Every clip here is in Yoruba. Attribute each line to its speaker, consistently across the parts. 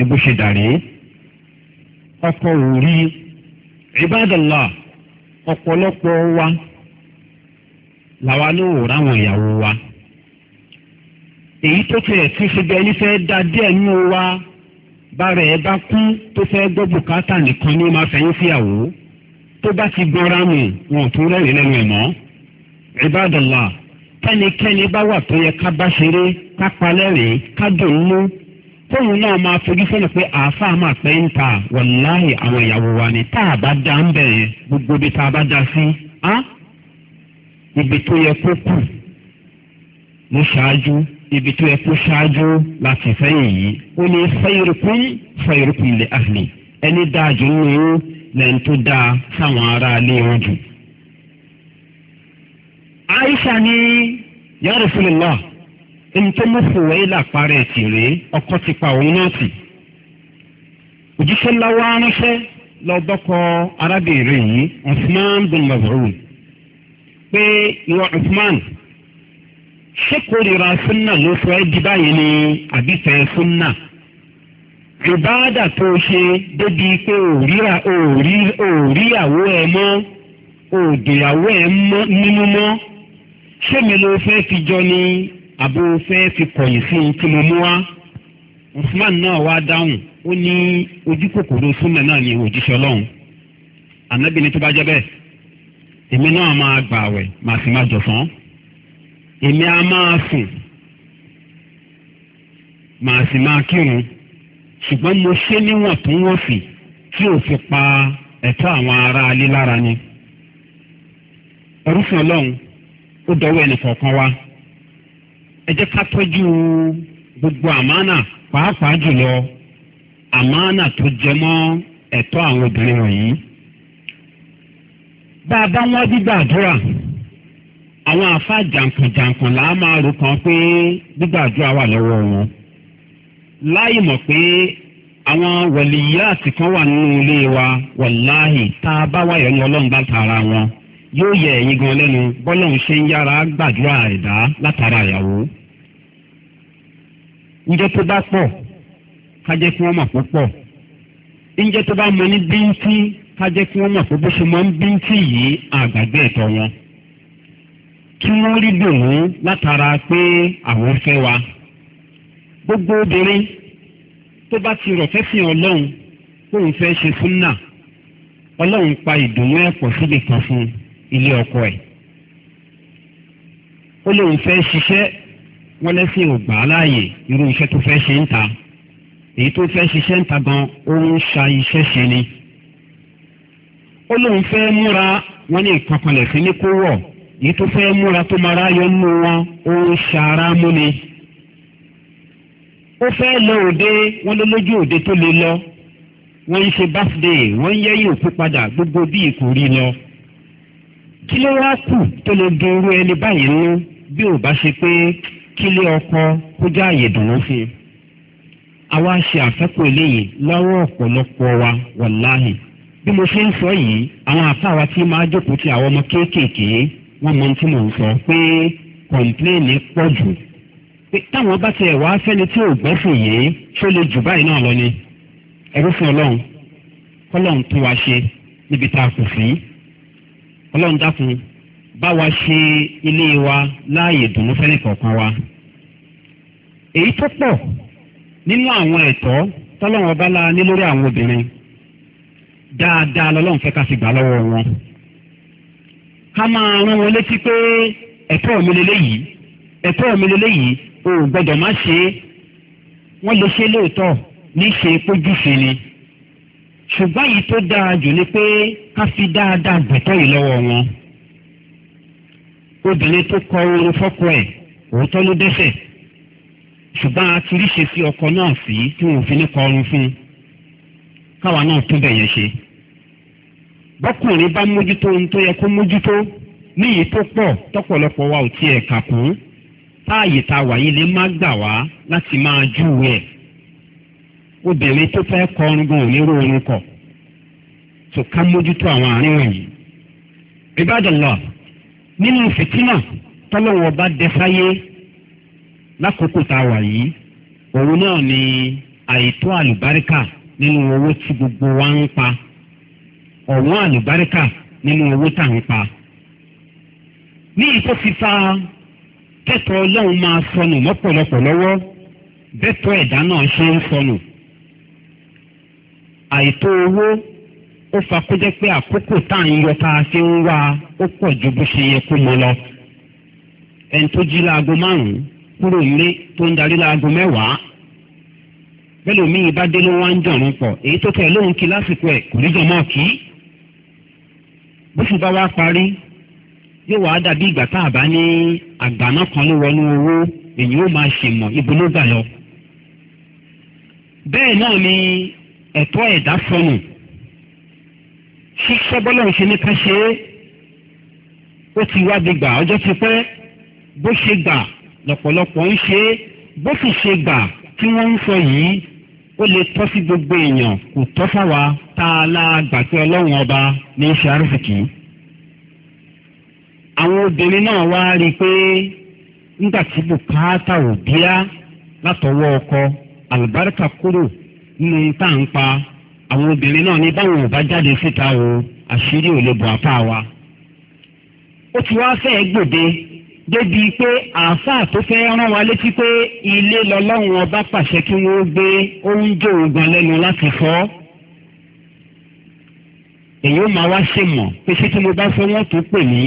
Speaker 1: ni bó ṣe dàrí ọkọ ò rí ìbádọ́lá ọ̀pọ̀lọpọ̀ wa làwa ló wò ráwọn ìyàwó wa èyí tó tiẹ̀ tún ṣe bẹ́ẹ̀ ní fẹ́ da díẹ̀ nínú wa bára ẹ bá kú tó fẹ́ gbọ́ bùkátà nìkan ní máa fẹ́yìn síyàwó tó bá ti gbọ́ra mi wọn ò rẹ́rìn lẹ́nu ẹ̀ mọ́ ìbádọ́lá tẹ́nikẹ́ni bá wà tó yẹ ká bá ṣeré ká palẹ́rìn ká dùn ún mú tóun náà máa fojú sọ́nà pé àáfàá máa pẹ́ ń ta wàláhì àwọn ìyàwó wa ni tá a bá dá ń bẹ̀ yẹn gbogbo ibi tá a bá dá sí á ibi tó yẹ kó kù ló ṣáájú ibi tó yẹ kó ṣáájú láti fẹ́yìn yìí ó ní fẹ́yìrìkún fẹ́yìrìkún lè àfìlẹ̀ ẹni dáa jù nínú yín lẹ́yìn tó dáa sáwọn aráalé wọn jù. Aisha ni ya Rasulullah ntọ́ mọ́fòwé làpárẹ̀ tì rèé ọkọ ti pa òun náà tì. òjíṣẹ́ láwa ránṣẹ́ lọ bọ́kọ arábìnrin yìí Usman bin mazrun pé ìwọ Usman ṣé kórìíra súnà ló sọ ẹ́ di báyìí ni àbífẹ́ súnà ìbáàdà tó ṣe débi pé òríyàwó ẹ mọ́ òdòyàwó ẹ mọ́ nínú mọ́ ṣé mi ló fẹ́ fi jọ ni àbó fẹ́ fi kọ̀yìn sí ohun tí mo mú wá usman náà wá dáhùn ó ní ojú kòkòrò súnmẹ̀ náà ní òjíṣẹ́ ọlọ́run ànábì ni tó bá jẹ́ bẹ́ẹ̀ èmi náà máa gbà àwẹ̀ màá sì máa jọ̀sán èmi á máa sùn màá sì máa kírun ṣùgbọ́n mo ṣe níwọ̀n tó wọ́n sì tí ò fi pa ẹ̀tọ́ àwọn ará alé lára ni. ẹrúfin ọlọ́run ó dọwọ́ ẹnì kọ̀ọ̀kan wa ẹ jẹ́ ká tọ́jú gbogbo àmánà pàápàá jùlọ àmánà tó jẹ mọ́ ẹ̀tọ́ àwọn obìnrin wọ̀nyí. bá a bá wọn gbígbàdúrà àwọn àfa jàǹkànjàǹkàn là á máa rò kan pé gbígbàdúrà wà lọ́wọ́ wọn. láì mọ̀ pé àwọn wàlíyáàtì kan wà nínú ilé wa wàláhì tá a bá wáyọ̀ ní ọlọ́run bá tara wọn yóò yẹ ẹ̀yin gan lẹ́nu bọ́lọ́run ṣe ń yára gbàdúrà ẹ̀dá látara ìyàwó njẹ́ tó bá pọ̀ ká jẹ́ kí wọ́n mọ̀ pọ̀ pọ̀ njẹ́ tó bá mọ ní bíntí ká jẹ́ kí wọ́n mọ̀ pé bó ṣe mọ ní bíntí yìí àgbàgbé ẹ̀tọ́ wọn kí wọ́n rí dùnú látara pé àwọn fẹ́ wa gbogbo obìnrin tó bá ti rọ̀ fẹ́ sìn ọlọ́run tóun fẹ́ ṣe súnà ọlọ́run pa ìdùnnú ẹ̀pọ̀ síbi kan fún ilé ọkọ ẹ̀ ó lóun fẹ́ ṣiṣẹ́ wọ́n lẹ́sìn ò gbà á láàyè irú iṣẹ́ tó fẹ́ ṣe ń ta èyí tó fẹ́ ṣiṣẹ́ ń ta gan ó ń ṣa iṣẹ́ ṣe ni. ó lóun fẹ́ múra wọ́n ní ìkankanlẹ̀ sí ní kó wọ̀ èyí tó fẹ́ múra tó mara yọ nínú wọn ó ń ṣara mú ni. ó fẹ́ lọ òde wọ́n lé lójú òde tó lè lọ wọ́n ń ṣe báfídé wọ́n ń yẹ́yìn òkú padà gbogbo bí ìkò rí lọ. kí ló wá kù tó lè dun irú ẹni báyìí nú bí ò bá ṣe pé kílé ọkọ kó já àyè dùnú sí i àwa ṣe àfẹ́kù eléyìí lọ́wọ́ ọ̀pọ̀lọpọ̀ wa wàláhì bí mo ṣe ń sọ yìí àwọn àfáàwá tí máa jókòó ti àwọn ọmọ kéékèèké wọ́n mọ ohun tí mò ń sọ pé kọ̀ǹpléènì pọ̀ jù pé táwọn bá tiẹ̀ wá fẹ́ni tí ò gbẹ́sùn yìí ṣó lè jù báyìí náà lọ ni ẹrú fún ọlọ́run kọ́lọ́run tó wa ṣe níbi tá a kù sí ọlọ́run dákun bá wa ṣe ilé wa láàyè dùnú fẹ́ni kọ̀ọ̀kan wa. èyí tó pọ̀ nínú àwọn ẹ̀tọ́ tọ́lọ́wọ́n bá la ní lórí àwọn obìnrin dáadáa lọ́lọ́run fẹ́ ká sì gbà lọ́wọ́ wọn. ká máa rán wọn létí pé ẹ̀tọ́ mi lélẹ́yìí ẹ̀tọ́ mi lélẹ́yìí o ò gbọ́dọ̀ má ṣe é wọ́n lè ṣe lóòótọ́ níṣe pójúṣe ni ṣùgbọ́n èyí tó dáa jù ni pé ká fi dáadáa gbẹ̀tọ́ yìí lọ́wọ́ wọn. obìnrin tó kọ orin fọ́kọ ẹ̀ òótọ́ ló dẹ́sẹ̀ ṣùgbọ́n a ti ríṣe sí ọkọ náà sí tí wọn ò fi ní kọ oorun fún un káwa náà tún bẹ̀yẹn ṣe. bọ́kùnrin bá mójútó ohun tó yẹ kó mójútó tó pọ̀ tọ́pọ̀lọpọ̀ wa ò tiẹ̀ kà kún táàyè lè má gbà ní nínú fìtínà tọ́lọ́wọ́ bá dẹ fáyé lákòókò tá a wà yìí òun náà ni àìtó àlùbáríkà nínú owó tí gbogbo wa ń pa ọ̀wọ́n àlùbáríkà nínú owó tá à ń pa. ní ìtò fífa kẹ́tọ̀ ọlọ́run máa sọnù mọ́pọ̀lọpọ̀ lọ́wọ́ bẹ́tọ̀ ẹ̀dá náà ṣe ń sọnù àìtó owó ó fa kó jẹ́ pé àkókò tá à ń yọ tá a fi ń wá ó pọ̀ ju bó ṣe yẹ kó mọ lọ. ẹni tó jí láago márùn-ún kúrò nílé tó ń darí láago mẹ́wàá bẹ́ẹ̀ mi ìbá dé ló wá ń jọ̀rún pọ̀ èyí tó tẹ̀ lóhùn kí lásìkò ẹ̀ kò rí jọmọ́ kí. bó sì bá wá parí yóò wá dàbí ìgbà tá a bá ní àgbàná kan ló wọnú owó èyí ó máa ṣèmọ̀ ibo ló gbà lọ. bẹ́ẹ̀ náà ni ẹ̀tọ́ ẹ̀dá sọnù ṣíṣe bọ́lá ń ṣe ní ká ṣe é ó ti wá di gbà ọjọ́ ti pẹ́ bó ṣe gbà lọ́pọ̀lọpọ̀ ń ṣe é bó sì ṣe gbà tí wọ́n ń sọ yìí ó lè tọ́ sí gbogbo èèyàn kò tọ́ fáwa tá a la gbàgbé ọlọ́run ọba ní ṣe àrísìkì. àwọn obìnrin náà wá rí i pé nígbà tí bùkátà ò bíá látọwọ́ ọkọ àlùbáríkà kúrò nínú tá à ń pa àwọn obìnrin náà ní báwọn ò bá jáde síta o àṣírí ò lè bọ̀ apá wa. ó ti wá fẹ́ gbòde débi pé àáfàá tó fẹ́ rán wa létí pé ilé lọ́lọ́run ọba pàṣẹ kí wọ́n gbé oúnjẹ òògùn lẹ́nu láti fọ́. èyí ó máa wá ṣe mọ̀ pé ṣé tí mo bá fẹ́ wọ́n tó pè mí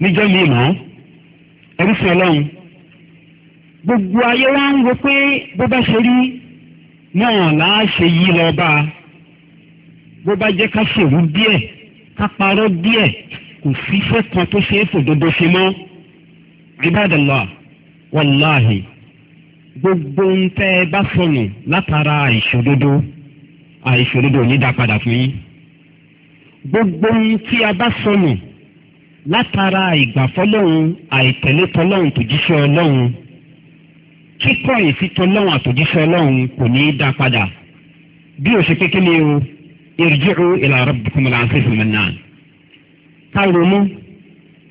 Speaker 1: níjọ́ mi mọ́ ẹ̀rí fún ọlọ́run gbogbo ayé wa ń wo pé bó bá ṣe rí náà là ṣe yí lọ bá a bó bá jẹ́ ká ṣèwú díẹ̀ ká parọ́ díẹ̀ kò sí iṣẹ́ kan tó ṣe é fòdodo ṣe mọ́ ibadallah wàláhì gbogbo ń tẹ́ ẹ bá sọnù látara àìṣòdodo àìṣòdodo ò ní dá padà fún yín gbogbo ń tí a bá sọnù látara ìgbàfọ́lọ́hún àìtẹ̀lẹ́tọ́lọ́hún tòjíṣẹ́ ọlọ́hún kíkọ́ ìfitọ́lọ́hún àtòjíṣẹ́ ọlọ́hún kò ní í dá padà bí ó ṣe pé o irji'u ila rabbikum al-'aziz al-mannan. ká ronú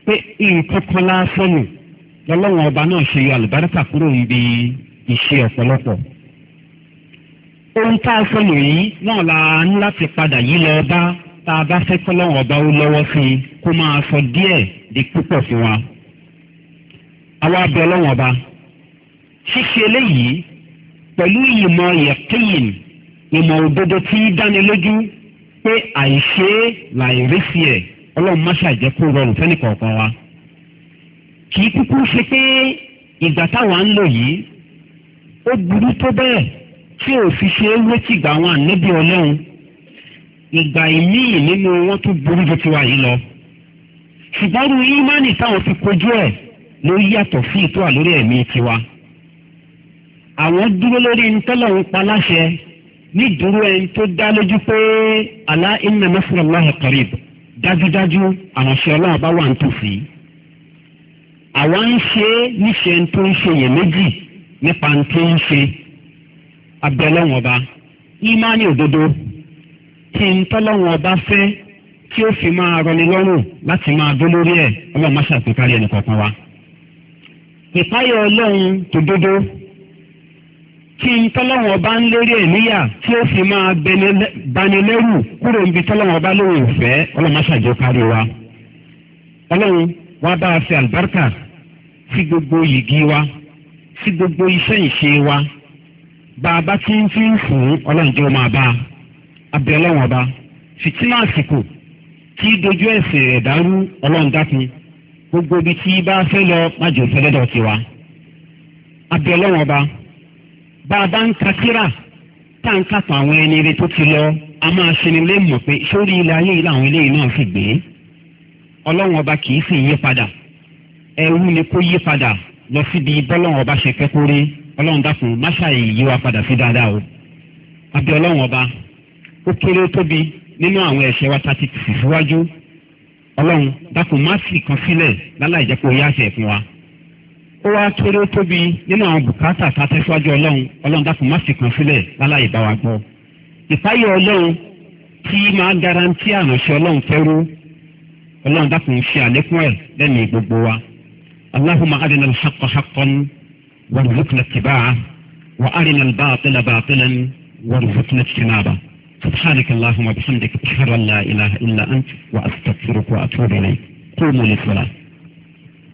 Speaker 1: pé nǹkan kan lásán nù lọ́lọ́wọ́n ọba náà ṣe yọ àlùbáríkà kúrò níbi ìṣe ọ̀pọ̀lọpọ̀. ohun tá a sọ nìyí náà la ń láti padà yí lọ bá tá a bá fẹ́ kọ́lọ́wọ́n ọba ó lọ́wọ́ sí i kó máa sọ díẹ̀ di púpọ̀ fún wa. àwa bẹ ọlọ́wọ́n ọba ṣíṣe eléyìí pẹ̀lú ìmọ̀ yẹ̀kíyìn ìmọ̀ òdodo tí í dáni lójú pé àìṣe làìrí sí ẹ̀ ọlọ́run má ṣàjẹ́ kó rọrùn fẹ́ni kọ̀ọ̀kan wa. kì í kúkú ṣe pé ìgbà táwa ń lò yìí ó burú tó bẹ́ẹ̀ tí ò fi ṣe é létí ìgbà àwọn ànábì ọlọ́run ìgbà ìmíì nínú wọn tó burú ju tiwa yìí lọ. ṣùgbọ́n irú ímánì táwọn fi kojú ẹ̀ ló yàtọ̀ sí ìtọ́ àlórí ẹ̀mí tiwa. àwọn dúró lórí ntọ́lọ́run pa láṣẹ ní dúró ẹni tó dá lójú pé àlá inna nasrallahi qarib dájúdájú àránṣẹ́ ọlọ́run bá wà ń tòsí àwa ń ṣe níṣẹ́ tó ń ṣe iyèméjì nípa tó ń ṣe abẹ́lẹ́wọ̀n ọba ìmánì òdodo tí ń tọ́lọ́wọ̀n ọba fẹ́ tí ó fi máa rọni lọ́rùn láti máa dún lórí ẹ̀ ọlọ́run má ṣàpèkárí ẹnì kọ̀ọ̀kan wa ìpáyọ̀ ọlọ́run tòdodo kí n tọ́lọ́wọ́n bá ń lérí ẹ̀ níyà tí ó fi máa banilẹ́rù kúrò níbi tọ́lọ́wọ́n bá lóun ìfẹ́ ọlọ́mọṣàjọ kárí wa ọlọ́run wá bá a fi àlùbáríkà sí gbogbo yìgì wa sí gbogbo iṣẹ́ ìṣe wa bá a bá ti ń fi ń fún ọlọ́run jẹ́ ọmọ àbá abẹ́ ọlọ́run ọba fìtílà àsìkò tí dojú ẹ̀sìn rẹ̀ ọlọ́run dákun gbogbo ibi tí bá fẹ́ lọ májò fẹ́lẹ́dọ̀ bàbá ń ka síra tá à ń kàtà àwọn ẹni rẹ tó ti lọ a máa ṣeni lé mọ̀ pé sórí ilé ayé ilé àwọn eléyìí náà fi gbé ọlọ́run ọba kì í sì yí padà ẹrú ni kó yí padà lọ síbi bọ́lọ́run ọba ṣe kẹ́kọ̀ọ́ rí ọlọ́run dákun máṣá yìí wá padà sí dáadáa o àbí ọlọ́run ọba ó kéré ó tóbi nínú àwọn ẹ̀ṣẹ̀ wa ta ti ọlọ́run dákun má sì kan sílẹ̀ láláì jẹ́ kó yá àṣẹ fún wa ó wá kéré tóbi nínú àwọn bùkátà tá a tẹ́síwájú ọlọ́run ọlọ́run dákun má sì kàn sílẹ̀ láláì bá wa gbọ́. ìpáyọ̀ ọlọ́run tí máa garanti àránṣẹ́ ọlọ́run fẹ́rú ọlọ́run dákun ṣe àlékún ẹ̀ lẹ́nu gbogbo wa. allahumma arina al-haqqa haqqan warzuqna ittiba'a wa arina al-batila batilan warzuqna ijtinaba. subhanaka allahumma bihamdika ashhadu an la ilaha illa anta wa astaghfiruka wa atubu ilayk qumu lis-salah.